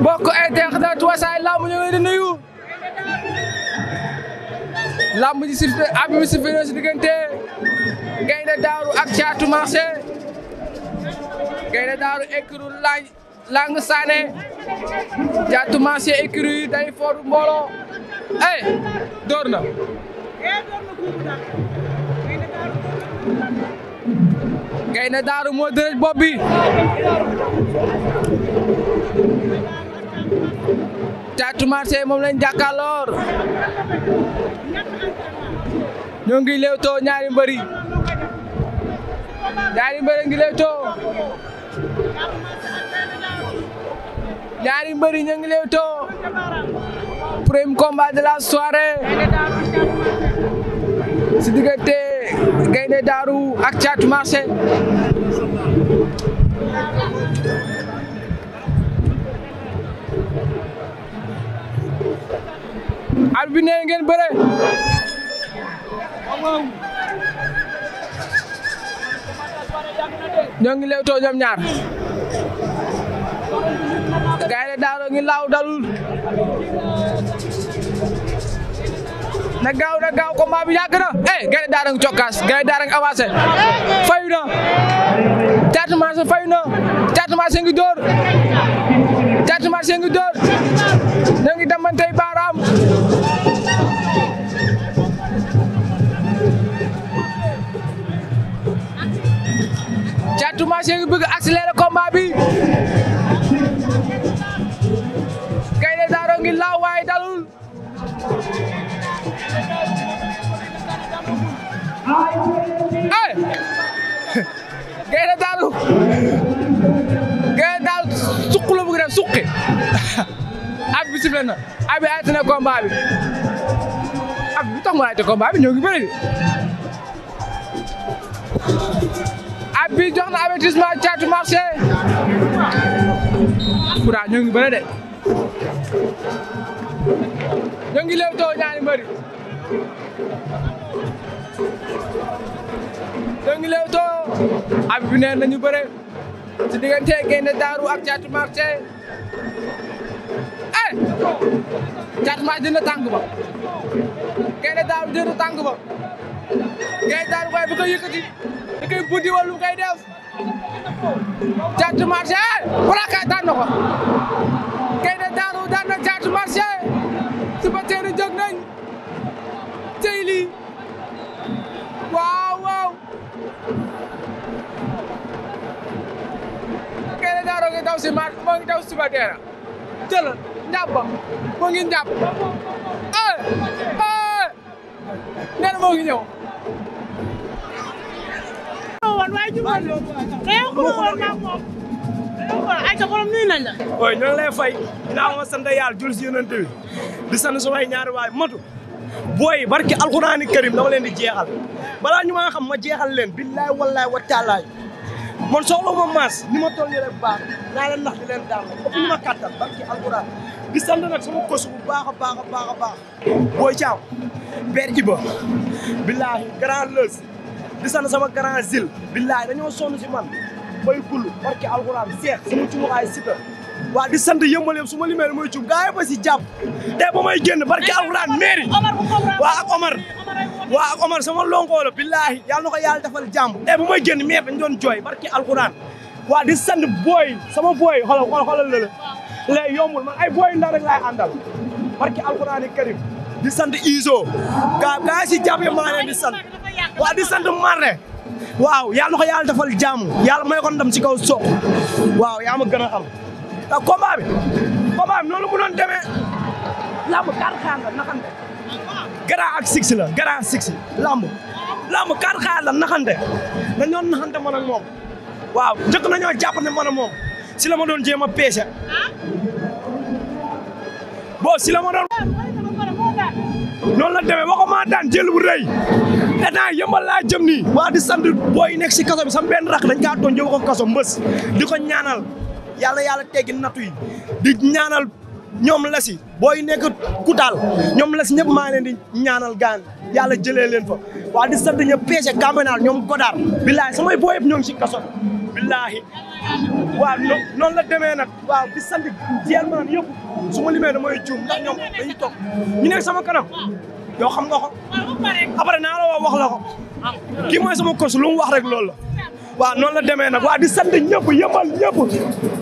mbokk internet Wassare Lamb ñu ngi leen di nuyu lamb ji sifflé ab mi si diggante Gaynde Daaru ak Caatu Gaynde Daaru écurie lang Sané Caatu Marché écurie day for mbooloo eh, ay Gaynde Daaru moo dërëj bopp Caatu Marché moom lañ jàkkaarloor ñoo ngi lewtoo ñaari mbëri ñaari mbëri ngi lewtoo ñaari mbëri ñu ngi lewtoo premier combat de la soirée si diggante Gaynde Daaru ak Caatu Marché ar bi nee ngeen bëre ñoo ngi lewtoo ñoom ñaar gaynde daaro laaw dalul na gaaw na gaaw combat bi yàgg na eh gaynde daaro cokkaas gaynde daaro ngi avancé fayu na Caatu Marché fayu ngi dóor Caatu Marché ngi dóor ñoo ngi damantey baaraam Gaston ngi bëgg accélérer combat bi Gaynde Daaro ngi laaw waaye dalul eh! ay Gaynde Daaro Gaynde Daaro suq la bëgg def suqi at bi na at bi arrêté na combat bi ak bu tax mu arrêté combat bi ñoo ngi bëri abi jox na avertissement caatu marché Fouta ñoo ngi bëre de ñoo ngi leew too ñaari mbëri ñoo ngi leew too abi bi neen nañu bëre ci diggante Gaynde Daaru ak caatu marché xeex Caat Mbaye dina ba Gaynde Daaru dina tàng ba Gaynde Daaru koy bu ko yëkkati da koy buddi wala lu Daaru daan na Caat Marché supporters yi nañ tey lii waaw Daaru ngi daw si mar moo ngi daw si supporters jëlal njàppam moo ngi njàpp ah ah nee na moo ngi ñëw. waaye jubal na xëy na xuma woon naa moom. ay sa borom nuyu nañ la. ooy ñu ngi lay fay dinaa ma sant yàlla jul si yonent bi di sant leen di jeexal balaa ñu maa xam ma jeexal leen billaay wallaay man ma maas ni ma toll nii naa leen nax leen daal ëpp ñu ma kàttan barki alxuraan di sant nag sama kos baax a baax a baax a baax booy caaw ber iba billaahi grand lës di sant sama grand zil billaahi dañoo sonn si man bay gul barki alxuraan seex sama cumuxaay sita waa di sant yëmbal yëpp su ma limee mooy cub gaa ba si jàpp tey ba may génn barki alxuraan mairie waa ak Omar waa ak Omar sama lonkoo la billaahi yàlla na ko yàlla defal jàmm tey ba may génn mairie dañ doon jooy barki alxuraan waa di sant booy sama boy xoolal xoolal la lee yombul man ay booy ndar rek laay àndal barki alquraan karim di sant iso gaa gaa si jàppe maa leen di sant waa di sant marne waaw yàlla na ko yàlla defal jàmm yàlla may ko si kaw soq waaw yaa ma gën a xam te combat bi combat bi noonu mu lamb kaar xaar la naxante grand ak six la grand six lamb lamb kaar xaar la naxante dañoon naxante man moom waaw jëkk nañoo jàpp ne man ak moom si la ma doon jéem a peese bon si la ma doon noonu la demee waxo maa daan jël bu rëy état yëmbal laa jëm nii waa di sant booy nekk si kaso bi sama benn rakk dañ kaa doon jëm ko kaso mbës di ko ñaanal yàlla yàlla teggi nattu di ñaanal ñoom lasi booy nekk kutaal ñoom la si ñëpp maa leen di ñaanal gaan yàlla jëlee leen fa waa di sant ñëpp péché e, naa ñoom Godard billaahi sama boo yëpp ñoo ngi si kaso billaahi waaw noonu la demee nag waaw di sant jeelmaan yëpp su ma limee damay juum ndax ñoom dañuy toog ñu nekk sama kanam yow xam nga ko après naa la wax la ko kii mooy sama kos lu mu wax rek loolu la waaw noonu la demee nag waaw di sant ñëpp yëmal ñëpp